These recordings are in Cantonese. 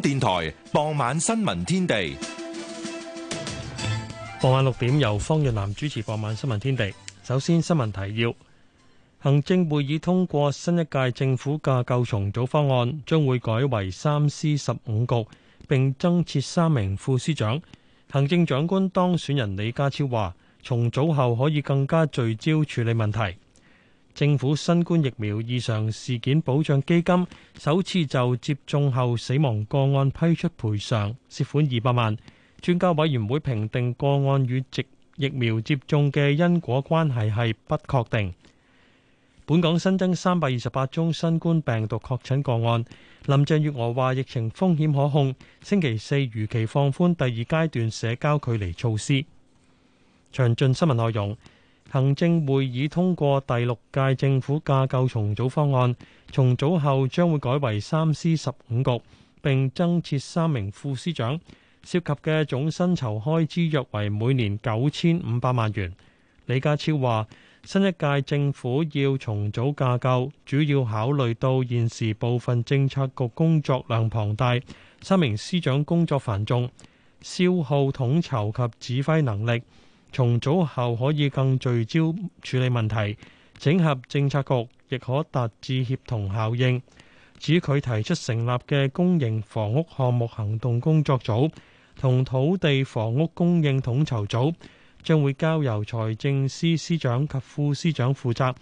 電台傍晚新聞天地，傍晚六點由方潤南主持。傍晚新聞天地，首先新聞提要：行政會議通過新一屆政府架構重組方案，將會改為三司十五局，並增設三名副司長。行政長官當選人李家超話，重組後可以更加聚焦處理問題。政府新冠疫苗異常事件保障基金首次就接種後死亡個案批出賠償，涉款二百萬。專家委員會評定個案與疫苗接種嘅因果關係係不確定。本港新增三百二十八宗新冠病毒確診個案。林鄭月娥話疫情風險可控，星期四如期放寬第二階段社交距離措施。詳盡新聞內容。行政會議通過第六屆政府架構重組方案，重組後將會改為三司十五局，並增設三名副司長，涉及嘅總薪酬開支約為每年九千五百萬元。李家超話：新一屆政府要重組架構，主要考慮到現時部分政策局工作量龐大，三名司長工作繁重，消耗統籌及指揮能力。重組後可以更聚焦處理問題，整合政策局亦可達至協同效應。至於佢提出成立嘅公營房屋項目行動工作組同土地房屋供應統籌組，將會交由財政司司長及副司長負責。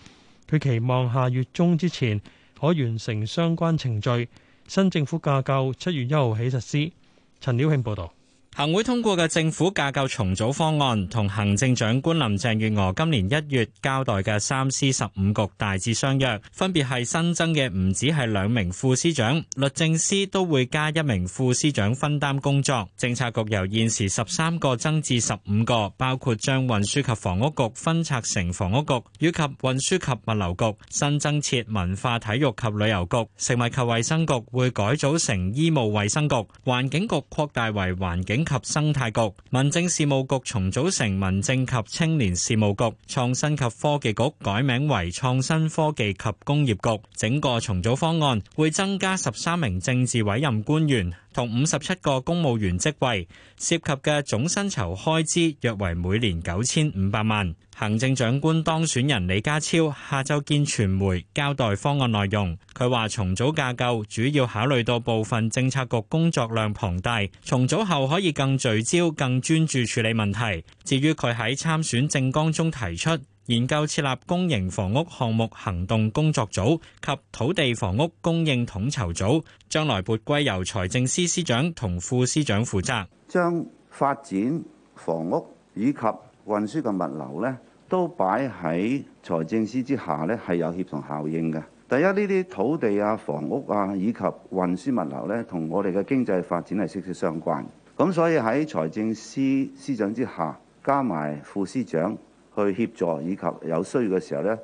佢期望下月中之前可完成相關程序。新政府架構七月一號起實施。陳了慶報導。行會通過嘅政府架構重組方案，同行政長官林鄭月娥今年一月交代嘅三司十五局大致相約，分別係新增嘅唔止係兩名副司長，律政司都會加一名副司長分擔工作，政策局由現時十三個增至十五個，包括將運輸及房屋局分拆成房屋局以及運輸及物流局，新增設文化體育及旅遊局，食物及衛生局會改組成醫務衛生局，環境局擴大為環境及生態局，民政事務局重組成民政及青年事務局，創新及科技局改名為創新科技及工業局，整個重組方案會增加十三名政治委任官員。同五十七個公務員職位涉及嘅總薪酬開支約為每年九千五百萬。行政長官當選人李家超下晝見傳媒交代方案內容，佢話重組架構主要考慮到部分政策局工作量龐大，重組後可以更聚焦、更專注處理問題。至於佢喺參選政綱中提出。研究設立公營房屋項目行動工作組及土地房屋供應統籌組，組，將來撥歸由財政司司長同副司長負責。將發展房屋以及運輸嘅物流呢，都擺喺財政司之下呢，係有協同效應嘅。第一呢啲土地啊、房屋啊以及運輸物流呢，同我哋嘅經濟發展係息息相關。咁所以喺財政司司長之下加埋副司長。去協助，以及有需要嘅時候咧，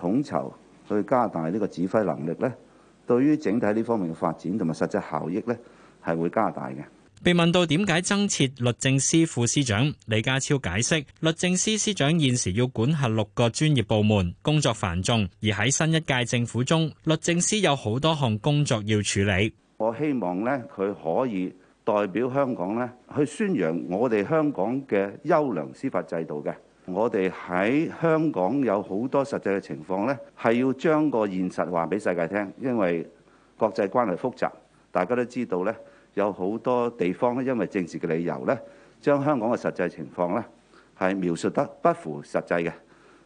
統籌去加大呢個指揮能力咧，對於整體呢方面嘅發展同埋實際效益咧，係會加大嘅。被問到點解增設律政司副司長，李家超解釋律政司司長現時要管轄六個專業部門，工作繁重，而喺新一屆政府中，律政司有好多項工作要處理。我希望咧，佢可以代表香港咧，去宣揚我哋香港嘅優良司法制度嘅。我哋喺香港有好多實際嘅情況呢，係要將個現實話俾世界聽，因為國際關係複雜，大家都知道呢，有好多地方因為政治嘅理由呢，將香港嘅實際情況呢，係描述得不符實際嘅，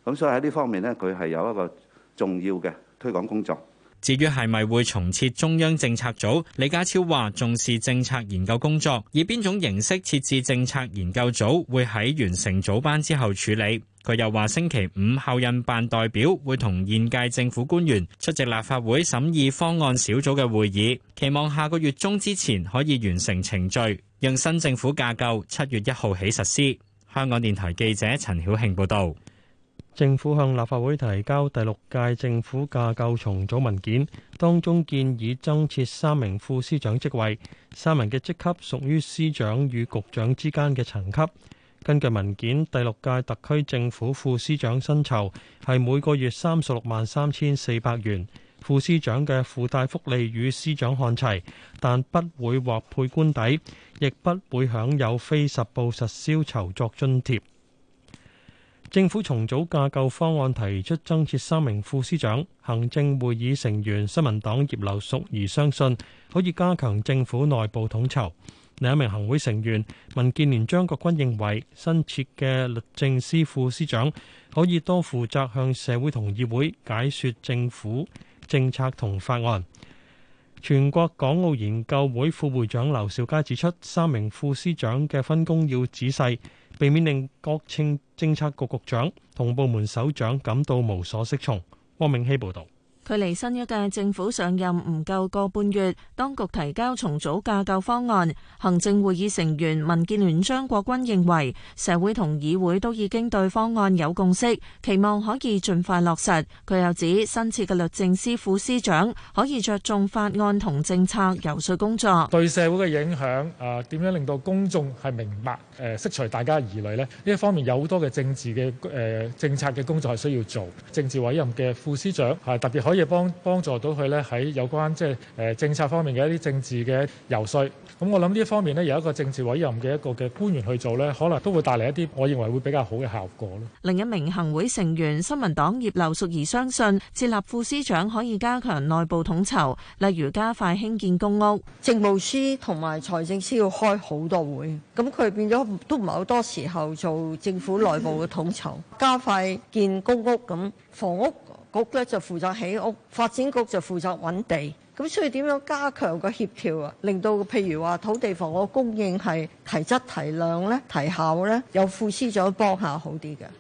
咁所以喺呢方面呢，佢係有一個重要嘅推廣工作。至於係咪會重設中央政策組？李家超話重視政策研究工作，以邊種形式設置政策研究組，會喺完成組班之後處理。佢又話星期五後任辦代表會同現屆政府官員出席立法會審議方案小組嘅會議，期望下個月中之前可以完成程序，讓新政府架構七月一號起實施。香港電台記者陳曉慶報道。政府向立法會提交第六屆政府架構重組文件，當中建議增設三名副司長職位，三名嘅職級屬於司長與局長之間嘅層級。根據文件，第六屆特區政府副司長薪酬係每個月三十六萬三千四百元，副司長嘅附帶福利與司長看齊，但不會獲配官邸，亦不會享有非實報實銷酬作津貼。政府重組架構方案提出增設三名副司長，行政會議成員、新民黨葉劉淑儀相信可以加強政府內部統籌。另一名行會成員民建聯張國鈞認為，新設嘅律政司副司長可以多負責向社會同議會解說政府政策同法案。全國港澳研究會副會長劉兆佳指出，三名副司長嘅分工要仔細。避免令各政策局局長同部門首長感到無所適從，汪明希報道。距離新一屆政府上任唔夠個半月，當局提交重組架構方案。行政會議成員民建聯張國鈞認為，社會同議會都已經對方案有共識，期望可以盡快落實。佢又指，新設嘅律政司副司長可以着重法案同政策遊說工作，對社會嘅影響啊點、呃、樣令到公眾係明白誒，釋、呃、除大家疑慮咧？呢一方面有好多嘅政治嘅誒、呃、政策嘅工作係需要做。政治委任嘅副司長係特別可以。嘅幫幫助到佢咧，喺有關即係誒政策方面嘅一啲政治嘅游説，咁我諗呢一方面咧，由一個政治委任嘅一個嘅官員去做呢，可能都會帶嚟一啲我認為會比較好嘅效果咯。另一名行會成員新民黨葉劉淑儀相信設立副司長可以加強內部統籌，例如加快興建公屋。政務司同埋財政司要開好多會，咁佢變咗都唔係好多時候做政府內部嘅統籌，嗯、加快建公屋咁房屋局呢就負責起屋，發展局就負責揾地，咁所以點樣加強個協調啊？令到譬如話土地房屋供應係提質提量呢，提效呢，有副司長幫下好啲嘅。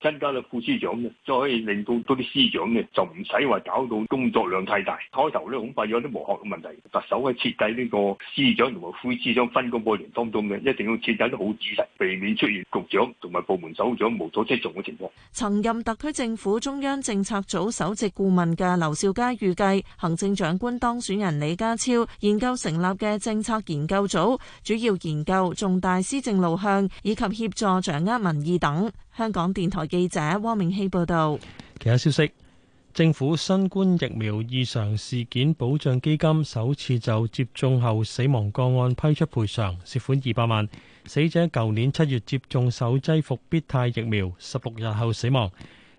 增加個副司長嘅，就可以令到多啲司長嘅就唔使話搞到工作量太大。開頭咧恐怕有啲磨合嘅問題，特首喺設計呢個司長同埋副司長分工階段當中嘅，一定要設計得好仔細，避免出現局長同埋部門首長無所適從嘅情況。曾任特區政府中央政策組首席顧問嘅劉兆佳預計，行政長官當選人李家超研究成立嘅政策研究組，主要研究重大施政路向，以及協助掌握民意等。香港電台記者汪明熙報道：其他消息，政府新冠疫苗異常事件保障基金首次就接種後死亡個案批出賠償，涉款二百萬。死者舊年七月接種首劑復必泰疫苗，十六日後死亡，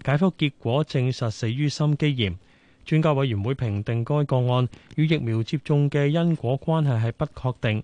解剖結果證實死於心肌炎。專家委員會評定該個案與疫苗接種嘅因果關係係不確定。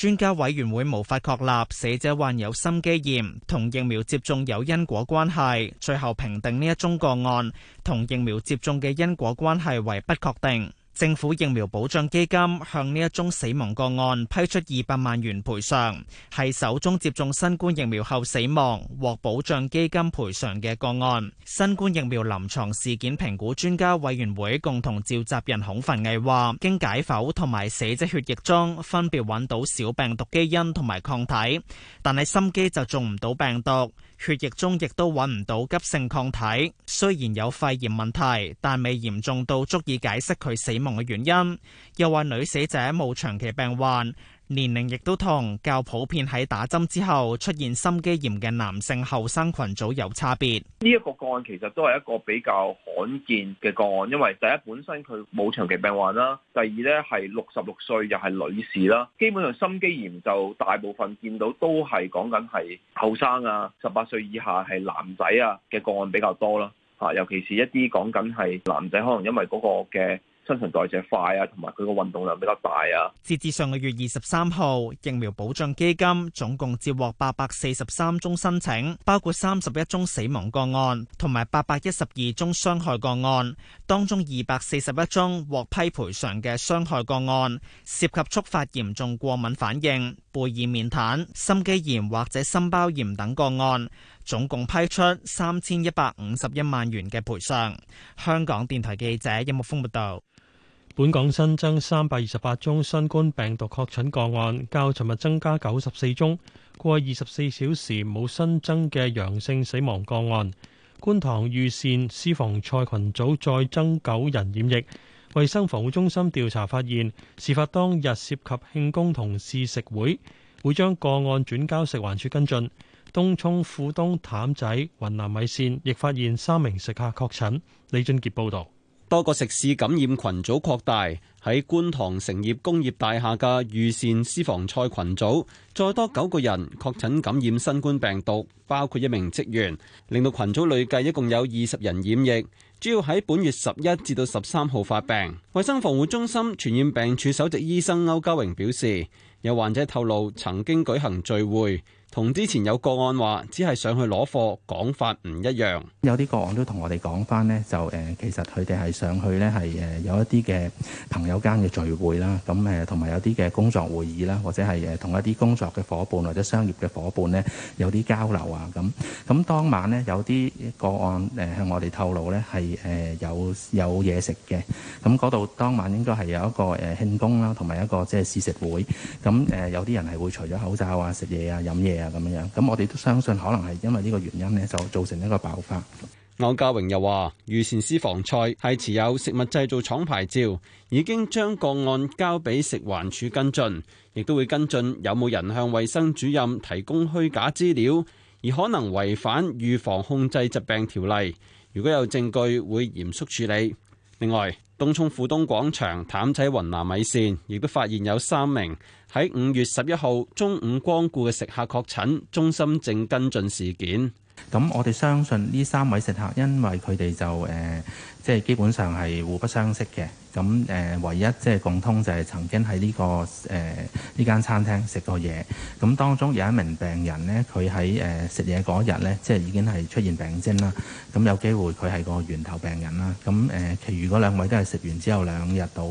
專家委員會無法確立死者患有心肌炎，同疫苗接種有因果關係，最後評定呢一宗個案，同疫苗接種嘅因果關係為不確定。政府疫苗保障基金向呢一宗死亡個案批出二百萬元賠償，係首宗接種新冠疫苗後死亡獲保障基金賠償嘅個案。新冠疫苗臨床事件評估專家委員會共同召集人孔凡毅話，經解剖同埋死者血液中分別揾到小病毒基因同埋抗體，但係心肌就中唔到病毒。血液中亦都揾唔到急性抗體，雖然有肺炎問題，但未嚴重到足以解釋佢死亡嘅原因。又話女死者冇長期病患。年齡亦都同較普遍喺打針之後出現心肌炎嘅男性後生群組有差別。呢一個個案其實都係一個比較罕見嘅個案，因為第一本身佢冇長期病患啦，第二呢係六十六歲又係女士啦。基本上心肌炎就大部分見到都係講緊係後生啊，十八歲以下係男仔啊嘅個案比較多啦。吓，尤其是一啲講緊係男仔，可能因為嗰個嘅。新陳代謝快啊，同埋佢個運動量比較大啊。截至上個月二十三號，疫苗保障基金總共接獲八百四十三宗申請，包括三十一宗死亡個案同埋八百一十二宗傷害個案。當中二百四十一宗獲批賠償嘅傷害個案，涉及觸發嚴重過敏反應、貝爾面癱心肌炎或者心包炎等個案，總共批出三千一百五十一萬元嘅賠償，香港電台記者任木峯報道。本港新增三百二十八宗新冠病毒確診個案，較尋日增加九十四宗，過二十四小時冇新增嘅陽性死亡個案。觀塘裕膳私房菜群組再增九人染疫，衛生防護中心調查發現，事發當日涉及慶功同試食會，會將個案轉交食環署跟進。東涌富東淡仔雲南米線亦發現三名食客確診。李俊傑報道。多個食肆感染群組擴大，喺觀塘成業工業大廈嘅裕善私房菜群組，再多九個人確診感染新冠病毒，包括一名職員，令到群組累計一共有二十人染疫，主要喺本月十一至到十三號發病。衛生防護中心傳染病處首席醫生歐家榮表示，有患者透露，曾經舉行聚會。同之前有個案話，只係上去攞貨講法唔一樣，有啲個案都同我哋講翻咧，就誒其實佢哋係上去咧，係誒有一啲嘅朋友間嘅聚會啦，咁誒同埋有啲嘅工作會議啦，或者係誒同一啲工作嘅伙伴或者商業嘅伙伴咧，有啲交流啊，咁咁當晚咧有啲個案誒向我哋透露咧係誒有有嘢食嘅，咁嗰度當晚應該係有一個誒慶功啦，同埋一個即係試食會，咁誒有啲人係會除咗口罩啊食嘢啊飲嘢。啊，咁樣咁我哋都相信，可能係因為呢個原因咧，就造成一個爆發。歐家榮又話，御膳私房菜係持有食物製造廠牌照，已經將個案交俾食環署跟進，亦都會跟進有冇人向衛生主任提供虛假資料，而可能違反預防控制疾病條例。如果有證據，會嚴肅處理。另外，東涌富東廣場譚仔雲南米線，亦都發現有三名。喺五月十一號中午光顧嘅食客確診，中心正跟進事件。咁我哋相信呢三位食客，因為佢哋就誒、呃即係基本上係互不相識嘅，咁誒、呃、唯一即係共通就係曾經喺呢、這個誒呢間餐廳食過嘢。咁當中有一名病人咧，佢喺誒食嘢嗰日咧，即係已經係出現病徵啦。咁有機會佢係個源頭病人啦。咁誒、呃，其餘嗰兩位都係食完之後兩日到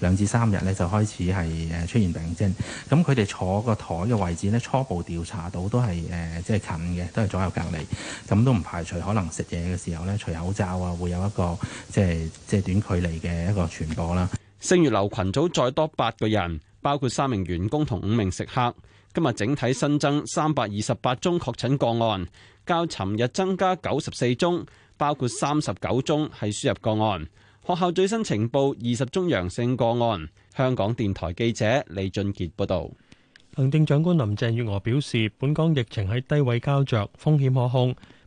兩至三日咧就開始係誒出現病徵。咁佢哋坐個枱嘅位置咧，初步調查到都係誒、呃、即係近嘅，都係左右隔離。咁都唔排除可能食嘢嘅時候咧，除口罩啊，會有一個。即係即短距離嘅一個傳播啦。星月樓群組再多八個人，包括三名員工同五名食客。今日整體新增三百二十八宗確診個案，較尋日增加九十四宗，包括三十九宗係輸入個案。學校最新情報二十宗陽性個案。香港電台記者李俊傑報道。行政長官林鄭月娥表示，本港疫情喺低位膠着，風險可控。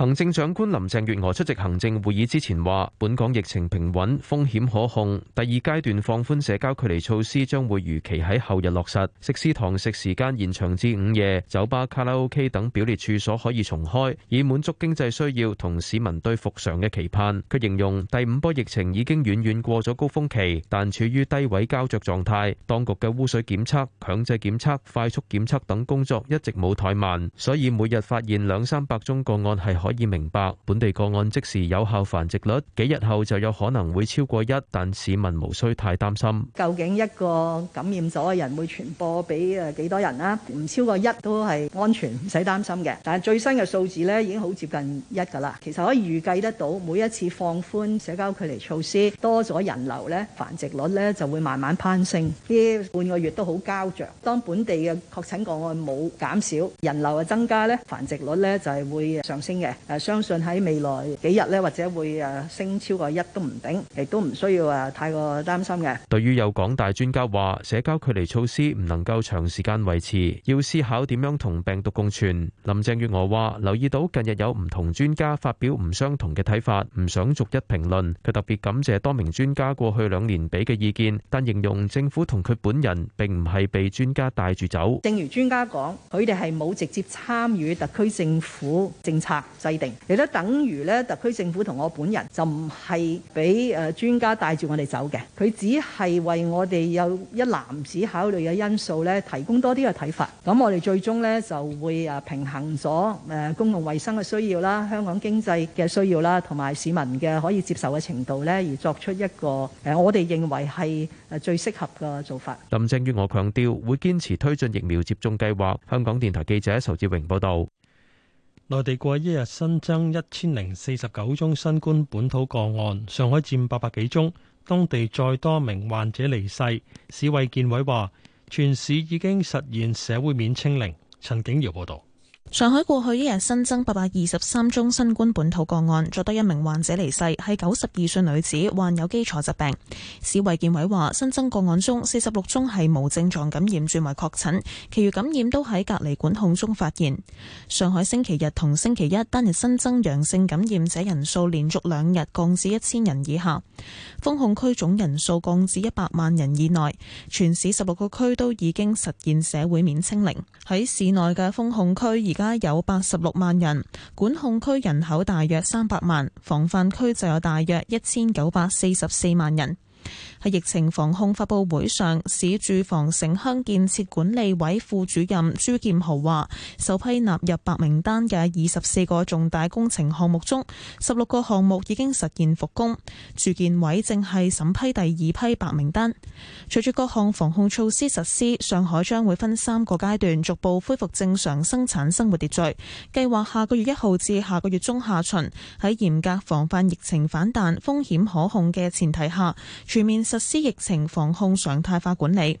行政長官林鄭月娥出席行政會議之前話：本港疫情平穩，風險可控。第二階段放寬社交距離措施將會如期喺後日落實。食肆堂食時間延長至午夜，酒吧、卡拉 OK 等表列處所可以重開，以滿足經濟需要同市民對復常嘅期盼。佢形容第五波疫情已經遠遠過咗高峰期，但處於低位膠着狀態。當局嘅污水檢測、強制檢測、快速檢測等工作一直冇怠慢，所以每日發現兩三百宗個案係可可以明白本地個案即時有效繁殖率幾日後就有可能會超過一，但市民無需太擔心。究竟一個感染咗嘅人會傳播俾誒幾多人咧？唔超過一都係安全，唔使擔心嘅。但係最新嘅數字咧已經好接近一噶啦。其實可以預計得到，每一次放寬社交距離措施多咗人流咧，繁殖率咧就會慢慢攀升。呢半個月都好膠着。當本地嘅確診個案冇減少，人流又增加咧，繁殖率咧就係會上升嘅。誒相信喺未來幾日咧，或者會誒升超過一都唔定，亦都唔需要誒太過擔心嘅。對於有港大專家話社交距離措施唔能夠長時間維持，要思考點樣同病毒共存。林鄭月娥話留意到近日有唔同專家發表唔相同嘅睇法，唔想逐一評論。佢特別感謝多名專家過去兩年俾嘅意見，但形容政府同佢本人並唔係被專家帶住走。正如專家講，佢哋係冇直接參與特區政府政策。制定亦都等於咧，特區政府同我本人就唔係俾誒專家帶住我哋走嘅，佢只係為我哋有一攬子考慮嘅因素咧，提供多啲嘅睇法。咁我哋最終咧就會誒平衡咗誒公共衞生嘅需要啦、香港經濟嘅需要啦，同埋市民嘅可以接受嘅程度咧，而作出一個誒我哋認為係誒最適合嘅做法。林鄭月娥強調會堅持推進疫苗接種計劃。香港電台記者仇志榮報道。內地過一日新增一千零四十九宗新冠本土個案，上海佔八百幾宗，當地再多名患者離世。市衛健委話，全市已經實現社會面清零。陳景瑤報道。上海過去一日新增八百二十三宗新冠本土個案，再多一名患者離世，係九十二歲女子，患有基礎疾病。市衛健委話，新增個案中，四十六宗係無症狀感染轉為確診，其餘感染都喺隔離管控中發現。上海星期日同星期一單日新增陽性感染者人數連續兩日降至一千人以下，封控區總人數降至一百萬人以內，全市十六個區都已經實現社會面清零。喺市內嘅封控區家有八十六萬人，管控區人口大約三百萬，防範區就有大約一千九百四十四萬人。喺疫情防控發布會上，市住房城鄉建設管理委副主任朱劍豪話，首批納入白名單嘅二十四個重大工程項目中，十六個項目已經實現復工。住建委正係審批第二批白名單，隨住各項防控措施實施，上海將會分三個階段逐步恢復正常生產生活秩序。計劃下個月一號至下個月中下旬，喺嚴格防範疫情反彈風險可控嘅前提下，全面，實施疫情防控常態化管理。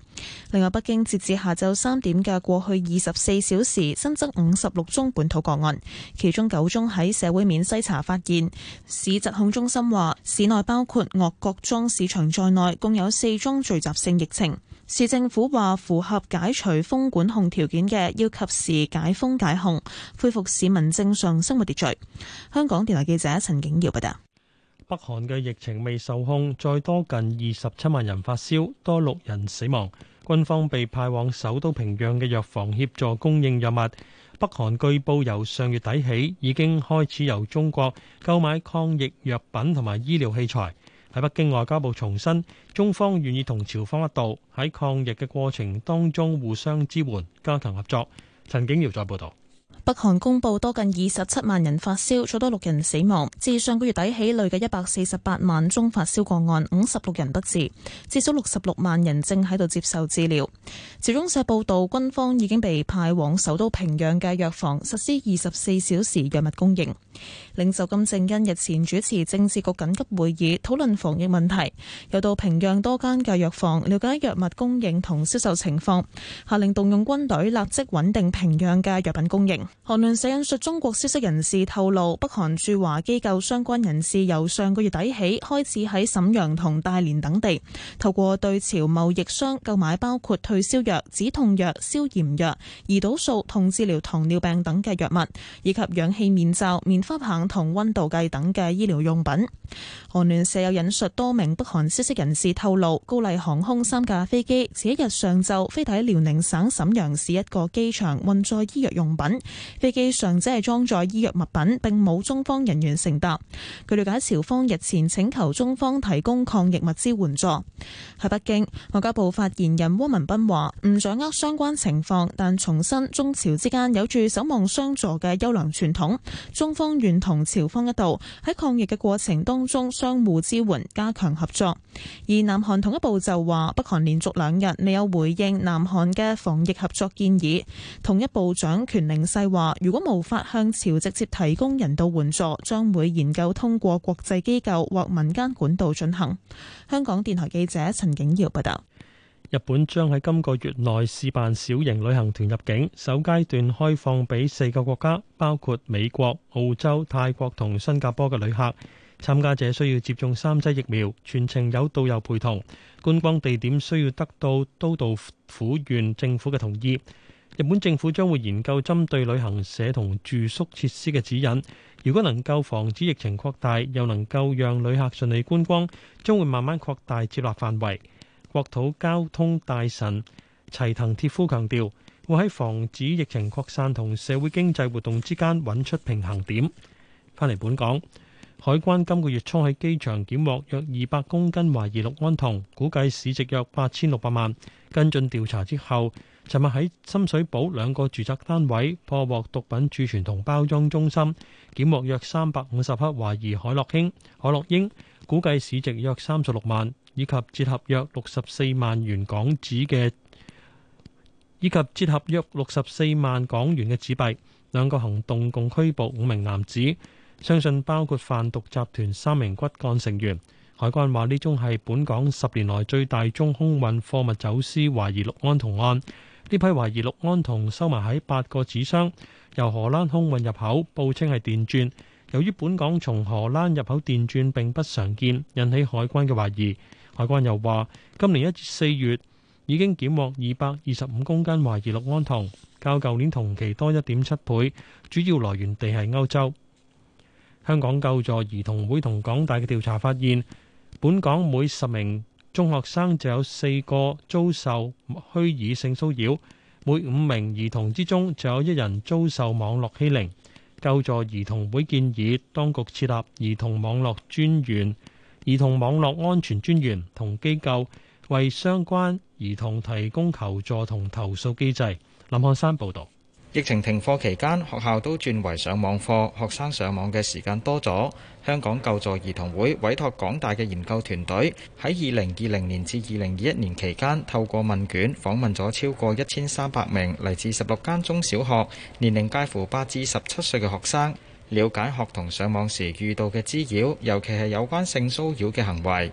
另外，北京截至下晝三點嘅過去二十四小時新增五十六宗本土個案，其中九宗喺社會面篩查發現。市疾控中心話，市內包括岳各莊市場在內，共有四宗聚集性疫情。市政府話，符合解除封管控條件嘅，要及時解封解控，恢復市民正常生活秩序。香港電台記者陳景堯報道。北韓嘅疫情未受控，再多近二十七萬人發燒，多六人死亡。軍方被派往首都平壤嘅藥房協助供應藥物。北韓據報由上月底起已經開始由中國購買抗疫藥品同埋醫療器材。喺北京外交部重申，中方願意同朝方一道喺抗疫嘅過程當中互相支援，加強合作。陳景堯再報道。北韓公布多近二十七萬人發燒，最多六人死亡。自上個月底起，累計一百四十八萬宗發燒個案，五十六人不治。至少六十六萬人正喺度接受治療。朝中社報道，軍方已經被派往首都平壤嘅藥房實施二十四小時藥物供應。領袖金正恩日前主持政治局緊急會議，討論防疫問題，又到平壤多間嘅藥房了解藥物供應同銷售情況，下令動用軍隊立即穩定平壤嘅藥品供應。韓聯社引述中國消息人士透露，北韓駐華機構相關人士由上個月底起開始喺瀋陽同大連等地，透過對朝貿易商購買包括退燒藥、止痛藥、消炎藥、胰島素同治療糖尿病等嘅藥物，以及氧氣面罩、面花發行同温度計等嘅醫療用品。韓聯社有引述多名北韓消息人士透露，高麗航空三架飛機，前一日上晝飛抵遼寧省沈陽市一個機場，運載醫藥用品。飛機上只係裝載醫藥物品，並冇中方人員乘搭。據了解，朝方日前請求中方提供抗疫物資援助。喺北京，外交部發言人汪文斌話：唔掌握相關情況，但重申中朝之間有住守望相助嘅優良傳統。中方。雙方同朝方一道喺抗疫嘅過程當中相互支援，加強合作。而南韓統一部就話，北韓連續兩日未有回應南韓嘅防疫合作建議。統一部長權寧世話，如果無法向朝直接提供人道援助，將會研究通過國際機構或民間管道進行。香港電台記者陳景瑤報道。日本將喺今個月內試辦小型旅行團入境，首階段開放畀四個國家，包括美國、澳洲、泰國同新加坡嘅旅客。參加者需要接種三劑疫苗，全程有導遊陪同。觀光地點需要得到都道府縣政府嘅同意。日本政府將會研究針對旅行社同住宿設施嘅指引。如果能夠防止疫情擴大，又能夠讓旅客順利觀光，將會慢慢擴大接納範圍。國土交通大臣齊藤鐵夫強調，會喺防止疫情擴散同社會經濟活動之間揾出平衡點。翻嚟本港，海關今個月初喺機場檢獲約二百公斤懷疑氯胺酮，估計市值約八千六百萬。跟進調查之後，尋日喺深水埗兩個住宅單位破獲毒品儲存同包裝中心，檢獲約三百五十克懷疑海洛英、海洛英，估計市值約三十六萬。以及折合約六十四萬元港紙嘅，以及折合約六十四萬港元嘅紙幣，兩個行動共拘捕五名男子，相信包括販毒集團三名骨幹成員，海關話呢宗係本港十年來最大宗空運貨物走私懷疑氯胺酮案。呢批懷疑氯胺酮收埋喺八個紙箱，由荷蘭空運入口，報稱係電鑽，由於本港從荷蘭入口電鑽並不常見引起海關嘅懷疑。海關又話，今年一至四月已經檢獲二百二十五公斤懷疑氯胺酮，較舊年同期多一點七倍，主要來源地係歐洲。香港救助兒童會同港大嘅調查發現，本港每十名中學生就有四個遭受虛擬性騷擾，每五名兒童之中就有一人遭受網絡欺凌。救助兒童會建議當局設立兒童網絡專員。兒童網絡安全專員同機構為相關兒童提供求助同投訴機制。林漢山報導。疫情停課期間，學校都轉為上網課，學生上網嘅時間多咗。香港救助兒童會委託港大嘅研究團隊喺二零二零年至二零二一年期間，透過問卷訪問咗超過一千三百名嚟自十六間中小學、年齡介乎八至十七歲嘅學生。了解學童上網時遇到嘅滋擾，尤其係有關性騷擾嘅行為。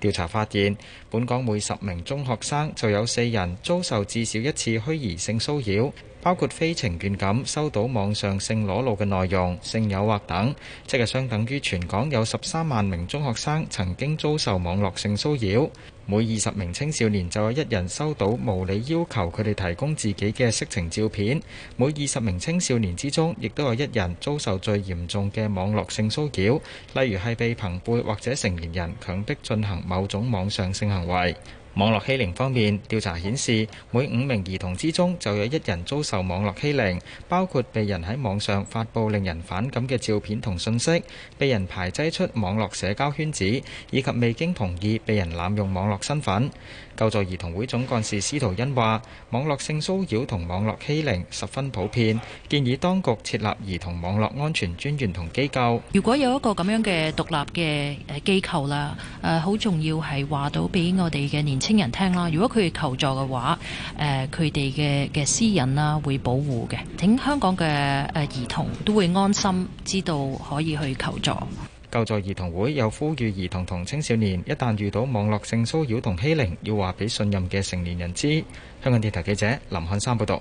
調查發現，本港每十名中學生就有四人遭受至少一次虛擬性騷擾，包括非情願咁收到網上性裸露嘅內容、性誘惑等，即係相等於全港有十三萬名中學生曾經遭受網絡性騷擾。每二十名青少年就有一人收到無理要求，佢哋提供自己嘅色情照片。每二十名青少年之中，亦都有一人遭受最嚴重嘅網絡性騷擾，例如係被朋輩或者成年人強迫進行某種網上性行為。網絡欺凌方面，調查顯示每五名兒童之中就有一人遭受網絡欺凌，包括被人喺網上發布令人反感嘅照片同信息，被人排擠出網絡社交圈子，以及未經同意被人濫用網絡身份。救助兒童會總幹事司徒恩話，網絡性騷擾同網絡欺凌十分普遍，建議當局設立兒童網絡安全專員同機構。如果有一個咁樣嘅獨立嘅誒機構啦，誒好重要係話到俾我哋嘅年輕人聽啦。如果佢求助嘅話，誒佢哋嘅嘅私隱啦會保護嘅，請香港嘅誒兒童都會安心知道可以去求助。救助兒童會又呼籲兒童同青少年，一旦遇到網絡性騷擾同欺凌，要話俾信任嘅成年人知。香港電台記者林漢山報道。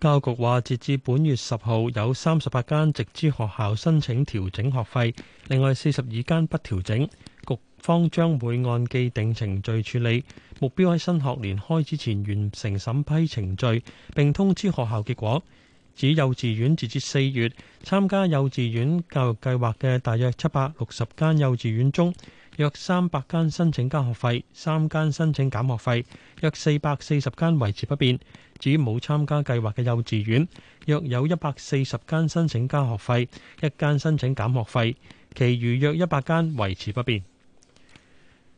教育局話，截至本月十號，有三十八間直資學校申請調整學費，另外四十二間不調整。局方將會按既定程序處理，目標喺新學年開始前完成審批程序並通知學校結果。指幼稚園截至四月參加幼稚園教育計劃嘅大約七百六十間幼稚園中，約三百間申請加學費，三間申請減學費，約四百四十間維持不變。至於冇參加計劃嘅幼稚園，約有一百四十間申請加學費，一間申請減學費，其餘約一百間維持不變。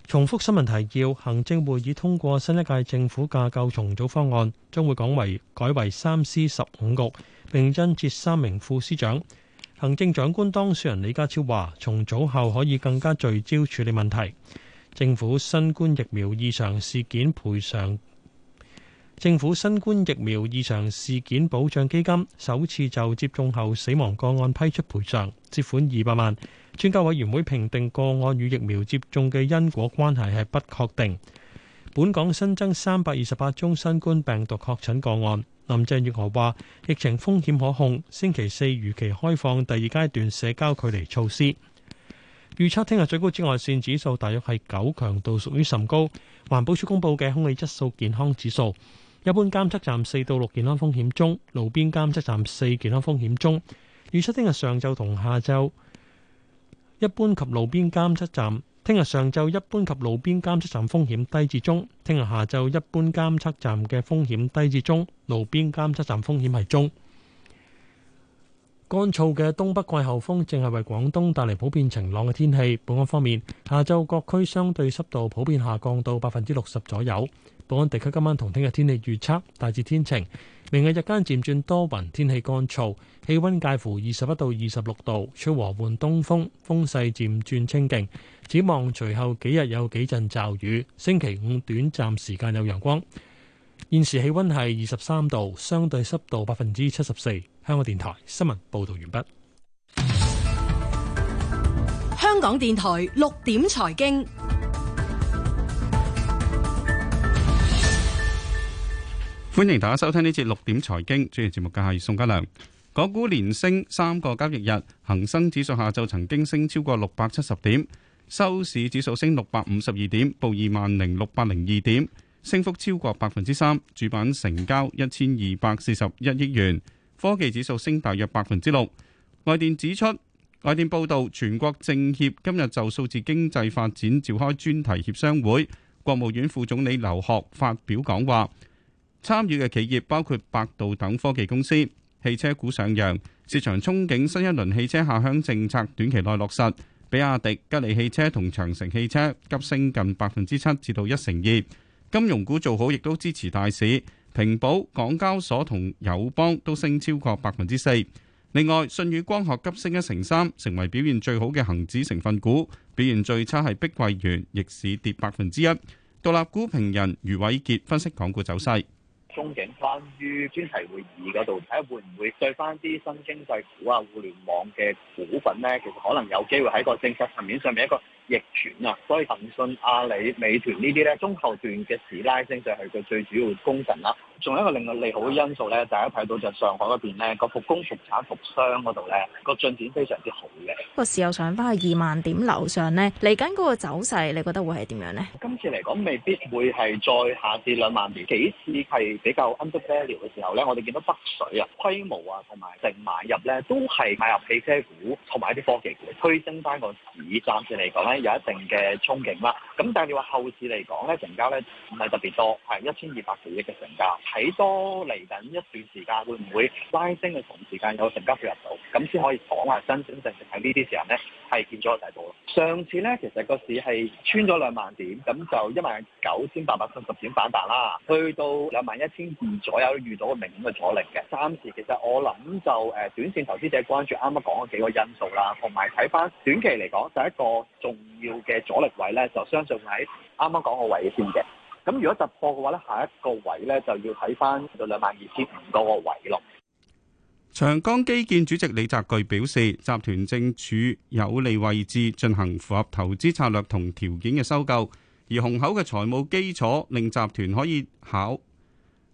重複新聞提要：行政會議通過新一屆政府架構重組方案，將會改為改為三司十五局，並增設三名副司長。行政長官當選人李家超話，重組後可以更加聚焦處理問題。政府新冠疫苗異常事件賠償。政府新冠疫苗異常事件保障基金首次就接種後死亡個案批出賠償，涉款二百萬。專家委員會評定個案與疫苗接種嘅因果關係係不確定。本港新增三百二十八宗新冠病毒確診個案。林鄭月娥話：疫情風險可控，星期四如期開放第二階段社交距離措施。預測聽日最高紫外線指數大約係九，強度屬於甚高。環保署公佈嘅空氣質素健康指數。一般監測站四到六健康風險中，路邊監測站四健康風險中。預測聽日上晝同下晝，一般及路邊監測站聽日上晝一般及路邊監測站風險低至中，聽日下晝一般監測站嘅風險低至中，路邊監測站風險係中。乾燥嘅東北季候風正係為廣東帶嚟普遍晴朗嘅天氣。本港方面，下晝各區相對濕度普遍下降到百分之六十左右。本港地區今晚同聽日天氣預測，大致天晴，明日日間漸轉多雲，天氣乾燥，氣溫介乎二十一到二十六度，吹和緩東風，風勢漸轉清勁。展望隨後幾日有幾陣驟雨，星期五短暫時間有陽光。現時氣溫係二十三度，相對濕度百分之七十四。香港電台新聞報道完畢。香港電台六點財經。歡迎大家收聽呢節六點財經，主持節目嘅係宋家良。港股連升三個交易日，恒生指數下晝曾經升超過六百七十點，收市指數升六百五十二點，報二萬零六百零二點，升幅超過百分之三。主板成交一千二百四十一億元，科技指數升大約百分之六。外電指出，外電報道，全國政協今日就數字經濟發展召開專題協商會，國務院副總理劉鶴發表講話。參與嘅企業包括百度等科技公司，汽車股上揚，市場憧憬新一輪汽車下鄉政策短期內落實。比亞迪、吉利汽車同長城汽車急升近百分之七至到一成二。金融股做好，亦都支持大市，平保、港交所同友邦都升超過百分之四。另外，舜宇光學急升一成三，成為表現最好嘅恒指成分股。表現最差係碧桂園，逆市跌百分之一。獨立股評人余偉傑分析港股走勢。中景關於專題會議嗰度睇下會唔會對翻啲新經濟股啊、互聯網嘅股份咧，其實可能有機會喺個政策層面上面一個。逆轉啊，所以騰訊、阿里、美團呢啲咧，中後段嘅市拉升就係佢最主要功臣啦。仲有一個另外利好嘅因素咧，大家睇到就上海嗰邊咧個復工復產、復商嗰度咧個進展非常之好嘅。個市又上翻去二萬點樓上咧，嚟緊嗰個走勢，你覺得會係點樣咧？今次嚟講未必會係再下跌兩萬點，幾次係比較 under value 嘅時候咧，我哋見到北水啊、規模啊同埋淨買入咧都係買入汽車股同埋一啲科技股，推升翻個市。暫時嚟講咧。有一定嘅憧憬啦，咁但係你話後市嚟講咧，成交咧唔係特別多，係一千二百幾億嘅成交，睇多嚟緊一段時間會唔會拉升嘅同時間有成交注入到，咁先可以講係真真正正喺呢啲時候咧係見咗個底部咯。上次咧其實個市係穿咗兩萬點，咁就一萬九千八百三十點反彈啦，去到兩萬一千二左右遇到個明顯嘅阻力嘅。暫時其實我諗就誒短線投資者關注啱啱講嘅幾個因素啦，同埋睇翻短期嚟講就一個重。要嘅阻力位呢，就相信喺啱啱講個位先嘅。咁如果突破嘅話，咧，下一個位呢，就要睇翻到兩萬二千五個位咯。長江基建主席李澤钜表示，集團正處有利位置進行符合投資策略同條件嘅收購，而雄厚嘅財務基礎令集團可以考，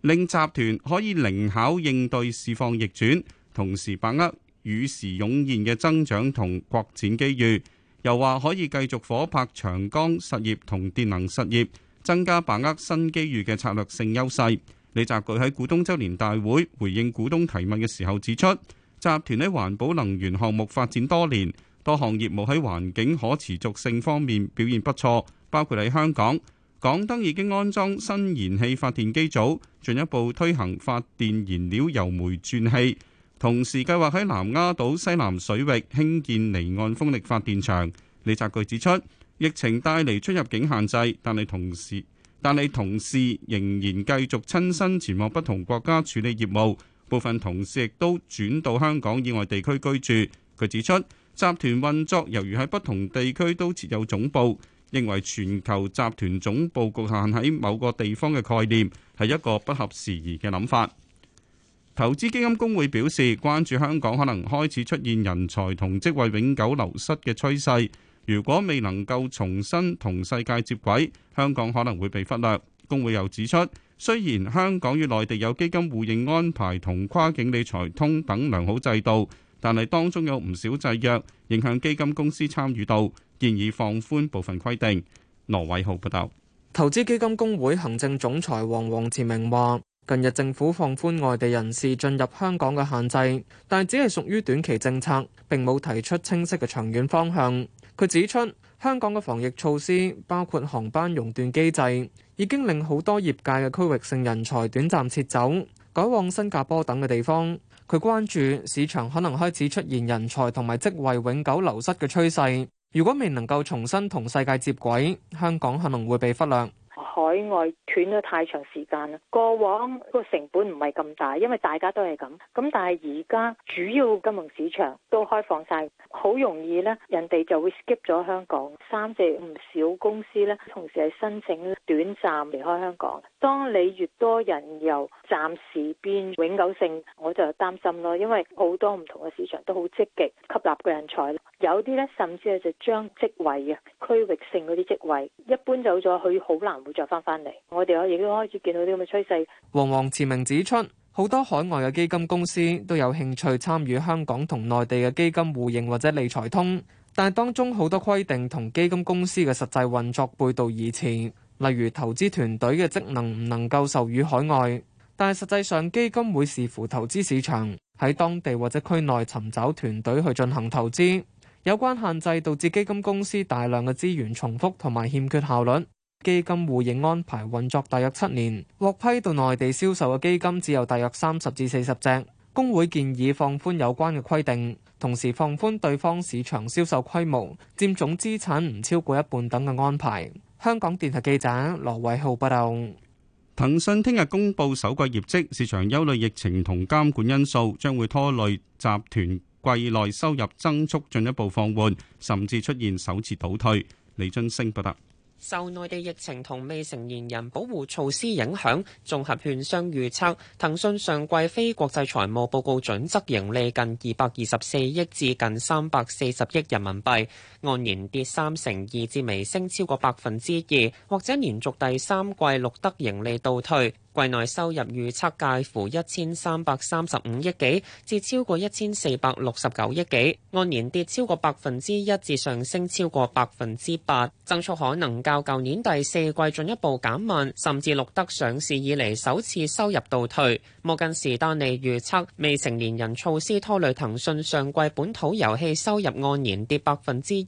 令集團可以靈巧應對市況逆轉，同時把握與時湧現嘅增長同擴展機遇。又話可以繼續夥拍長江實業同電能實業，增加把握新機遇嘅策略性優勢。李澤鉅喺股東周年大會回應股東提問嘅時候指出，集團喺環保能源項目發展多年，多項業務喺環境可持續性方面表現不錯，包括喺香港，港燈已經安裝新燃氣發電機組，進一步推行發電燃料由煤轉氣。同時計劃喺南丫島西南水域興建離岸風力發電場。李澤鉅指出，疫情帶嚟出入境限制，但係同時但係同事仍然繼續親身前往不同國家處理業務。部分同事亦都轉到香港以外地區居住。佢指出，集團運作由於喺不同地區都設有總部，認為全球集團總部局限喺某個地方嘅概念係一個不合時宜嘅諗法。投資基金公會表示，關注香港可能開始出現人才同職位永久流失嘅趨勢。如果未能夠重新同世界接軌，香港可能會被忽略。公會又指出，雖然香港與內地有基金互認安排同跨境理財通等良好制度，但係當中有唔少制約，影響基金公司參與度，建議放寬部分規定。羅偉浩報道，投資基金公會行政總裁黃黃志明話。近日政府放寬外地人士進入香港嘅限制，但係只係屬於短期政策，並冇提出清晰嘅長遠方向。佢指出，香港嘅防疫措施，包括航班熔斷機制，已經令好多業界嘅區域性人才短暫撤走，改往新加坡等嘅地方。佢關注市場可能開始出現人才同埋職位永久流失嘅趨勢，如果未能夠重新同世界接軌，香港可能會被忽略。海外斷咗太長時間啦，過往個成本唔係咁大，因為大家都係咁。咁但係而家主要金融市場都開放晒，好容易呢，人哋就會 skip 咗香港。三隻唔少公司呢，同時係申請短暫離開香港。當你越多人由暫時變永久性，我就擔心咯，因為好多唔同嘅市場都好積極吸納嘅人才，有啲呢，甚至係就將職位啊、區域性嗰啲職位一搬走咗，佢好難。唔會再返返嚟。我哋可已經開始見到啲咁嘅趨勢。黃黃慈明指出，好多海外嘅基金公司都有興趣參與香港同內地嘅基金互認或者理財通，但係當中好多規定同基金公司嘅實際運作背道而馳，例如投資團隊嘅職能唔能夠授予海外，但係實際上基金會視乎投資市場喺當地或者區內尋找團隊去進行投資。有關限制導致基金公司大量嘅資源重複同埋欠缺效率。基金互認安排運作大約七年，獲批到內地銷售嘅基金只有大約三十至四十隻。工會建議放寬有關嘅規定，同時放寬對方市場銷售規模占總資產唔超過一半等嘅安排。香港電台記者羅偉浩報道。騰訊聽日公布首季業績，市場憂慮疫情同監管因素將會拖累集團季內收入增速進一步放緩，甚至出現首次倒退。李津升報道。受內地疫情同未成年人保護措施影響，綜合券商預測，騰訊上季非國際財務報告準則盈利近二百二十四億至近三百四十億人民幣，按年跌三成二至微升超過百分之二，或者連續第三季錄得盈利倒退。季內收入預測介乎一千三百三十五億幾至超過一千四百六十九億幾，按年跌超過百分之一至上升超過百分之八，增速可能較舊年第四季進一步減慢，甚至錄得上市以嚟首次收入倒退。摩根士丹利預測未成年人措施拖累騰訊上季本土遊戲收入按年跌百分之一，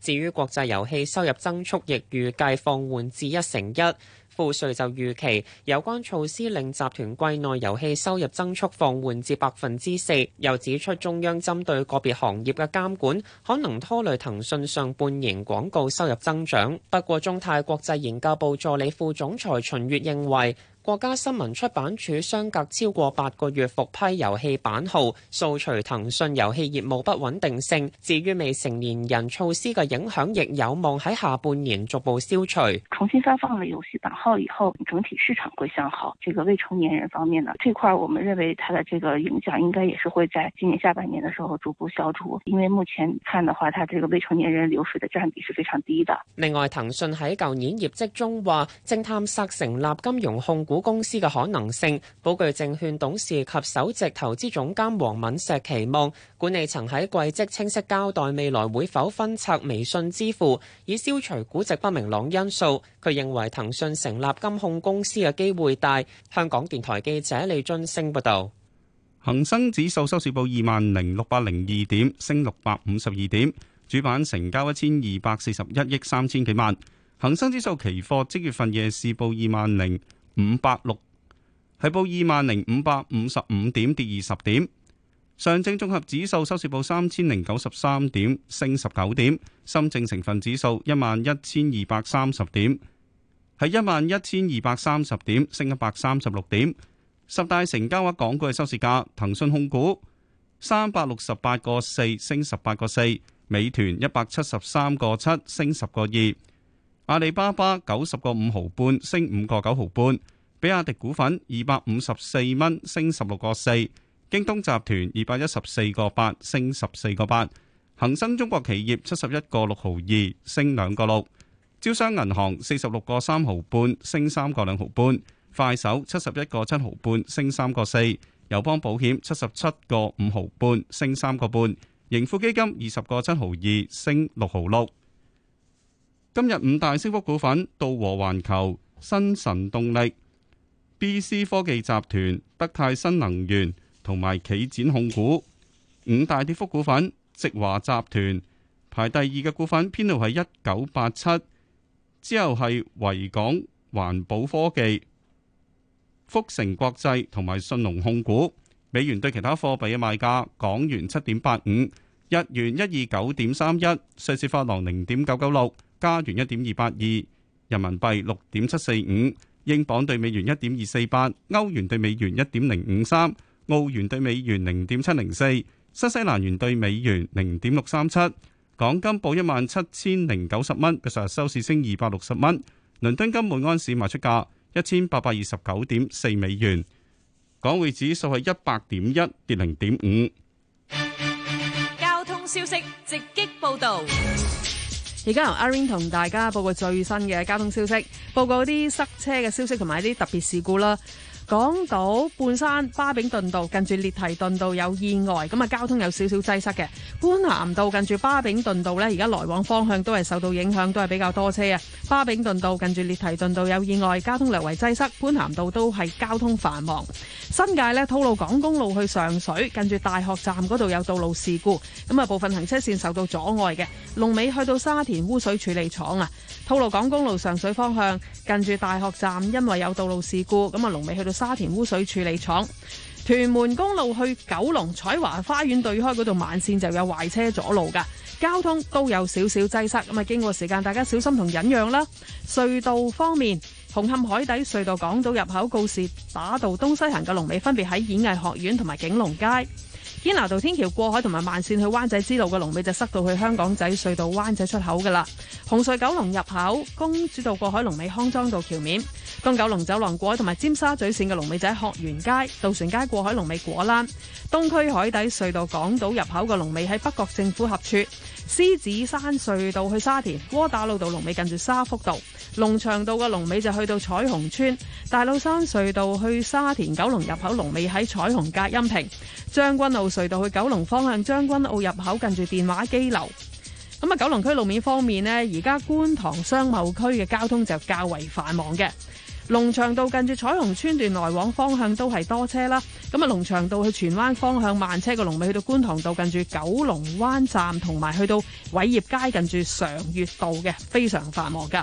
至於國際遊戲收入增速亦預計放緩至一成一。富瑞就預期有關措施令集團季內遊戲收入增速放緩至百分之四，又指出中央針對個別行業嘅監管可能拖累騰訊上半年廣告收入增長。不過，中泰國際研究部助理副總裁秦月認為。國家新聞出版署相隔超過八個月復批遊戲版號，掃除騰訊遊戲業務不穩定性。至於未成年人措施嘅影響，亦有望喺下半年逐步消除。重新發放了遊戲版號以後，整體市場會向好。這個未成年人方面呢，這塊我們認為，它的這個影響應該也是會在今年下半年的時候逐步消除。因為目前看的話，它這個未成年人流水的佔比是非常低的。另外，騰訊喺舊年業績中話，正探索成立金融控股。公司嘅可能性，保具證券董事及首席投資總監黃敏石期望管理層喺季績清晰交代未來會否分拆微信支付，以消除估值不明朗因素。佢認為騰訊成立金控公司嘅機會大。香港電台記者李俊升報道。恒生指數收市報二萬零六百零二點，升六百五十二點，主板成交一千二百四十一億三千幾萬。恒生指數期貨即月份夜市報二萬零。五百六係報二萬零五百五十五點，跌二十點。上證綜合指數收市報三千零九十三點，升十九點。深證成分指數一萬一千二百三十點，係一萬一千二百三十點，升一百三十六點。十大成交額港股嘅收市價：騰訊控股三百六十八個四，升十八個四；美團一百七十三個七，升十個二；阿里巴巴九十個五毫半，升五個九毫半。比亞迪股份二百五十四蚊，升十六個四，京東集團二百一十四個八，升十四個八，恒生中國企業七十一個六毫二，升兩個六，招商銀行四十六個三毫半，升三個兩毫半，快手七十一個七毫半，升三個四，友邦保險七十七個五毫半，升三個半，盈富基金二十個七毫二，升六毫六。今日五大升幅股份：道和環球、新晨動力。BC 科技集團、德泰新能源同埋企展控股五大跌幅股份，積華集團排第二嘅股份，編號係一九八七，之後係維港環保科技、福成國際同埋信隆控股。美元對其他貨幣嘅賣價：港元七點八五，日元一二九點三一，瑞士法郎零點九九六，加元一點二八二，人民幣六點七四五。英鎊兌美元一點二四八，歐元兌美元一點零五三，澳元兌美元零點七零四，新西蘭元兌美元零點六三七。港金報一萬七千零九十蚊，今日收市升二百六十蚊。倫敦金每安士賣出價一千八百二十九點四美元。港匯指數係一百點一，跌零點五。交通消息直擊報導，直擊報道。而家由阿 Ring 同大家報告最新嘅交通消息，報告啲塞車嘅消息同埋啲特別事故啦。港島半山巴炳頓道近住列堤頓道有意外，咁啊交通有少少擠塞嘅。觀塘道近住巴炳頓道呢，而家來往方向都係受到影響，都係比較多車啊。巴炳頓道近住列堤頓道有意外，交通略為擠塞，觀塘道都係交通繁忙。新界咧，吐露港公路去上水，近住大學站嗰度有道路事故，咁啊部分行車線受到阻礙嘅。龍尾去到沙田污水處理廠啊，吐露港公路上水方向近住大學站，因為有道路事故，咁啊龍尾去到沙田污水處理廠。屯門公路去九龍彩華花園對開嗰度慢線就有壞車阻路噶，交通都有少少擠塞，咁啊經過時間，大家小心同忍讓啦。隧道方面。紅磡海底隧道港島入口，告士打道東西行嘅龍尾分別喺演藝學院同埋景隆街，堅拿道天橋過海同埋慢線去灣仔之路嘅龍尾就塞到去香港仔隧道灣仔出口噶啦。紅隧九龍入口，公主道過海龍尾康莊道橋面，東九龍走廊過海同埋尖沙咀線嘅龍尾就喺鶴園街，渡船街過海龍尾果欄。東區海底隧道港島入口嘅龍尾喺北角政府合署。獅子山隧道，去沙田窩打老道龍尾近住沙福道，龍翔道嘅龍尾就去到彩虹村，大老山隧道去沙田九龍入口龍尾喺彩虹隔音屏，將軍澳隧道去九龍方向將軍澳入口近住電話機樓。咁、嗯、啊，九龍區路面方面呢，而家觀塘商貿區嘅交通就較為繁忙嘅。龍翔道近住彩虹村段來往方向都係多車啦，咁啊龍翔道去荃灣方向慢車嘅龍尾去到觀塘道近住九龍灣站，同埋去到偉業街近住常悅道嘅非常繁忙噶。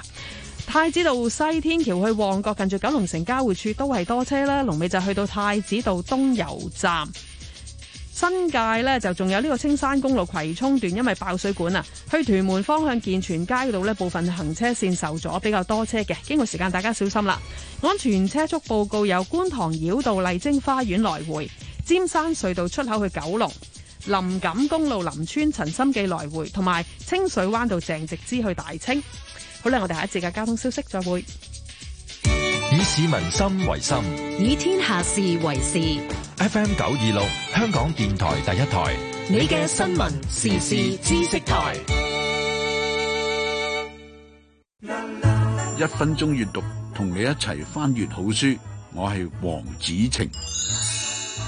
太子道西天橋去旺角近住九龍城交匯處都係多車啦，龍尾就去到太子道東油站。新界咧就仲有呢個青山公路葵涌段，因為爆水管啊，去屯門方向健全街嗰度咧部分行車線受阻，比較多車嘅。經過時間，大家小心啦。安全車速報告有觀塘繞道麗晶花園來回、尖山隧道出口去九龍、林錦公路林村陳心記來回，同埋清水灣道鄭植之去大清。好啦，我哋下一節嘅交通消息再會。以民心為心，以天下事為事。FM 九二六，香港電台第一台，你嘅新聞時事知識台。一分鐘閱讀，同你一齊翻閱好書。我係黃子晴。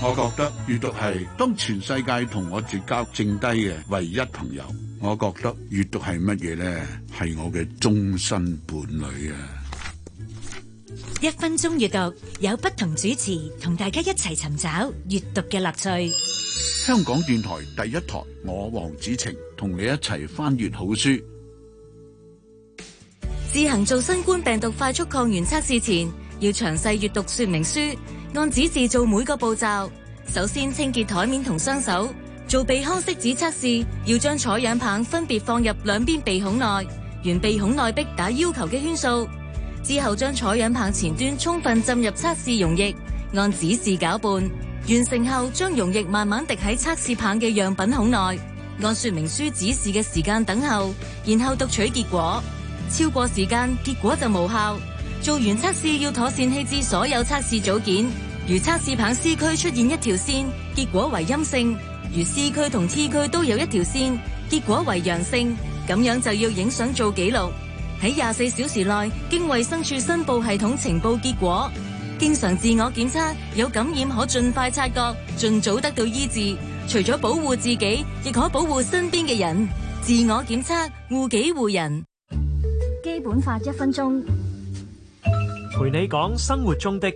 我覺得閱讀係當全世界同我絕交剩低嘅唯一朋友。我覺得閱讀係乜嘢呢？係我嘅終身伴侶啊！一分鐘閱讀，有不同主持同大家一齊尋找閱讀嘅樂趣。香港電台第一台，我王子晴同你一齊翻閱好書。自行做新冠病毒快速抗原測試前，要詳細閱讀說明書，按指示做每個步驟。首先清潔台面同雙手。做鼻腔拭子測試，要將採樣棒分別放入兩邊鼻孔內，沿鼻孔內壁打要求嘅圈數。之後將採樣棒前端充分浸入測試溶液，按指示攪拌，完成後將溶液慢慢滴喺測試棒嘅樣品孔內，按說明書指示嘅時間等候，然後讀取結果。超過時間，結果就無效。做完測試要妥善棄置所有測試組件。如測試棒 C 區出現一條綫，結果為陰性；如 C 區同 T 區都有一條綫，結果為陽性。咁樣就要影相做記錄。喺廿四小時內經衛生署申報系統呈報結果，經常自我檢測有感染可盡快察覺，盡早得到醫治。除咗保護自己，亦可保護身邊嘅人。自我檢測，護己護人。基本法一分鐘，陪你講生活中的。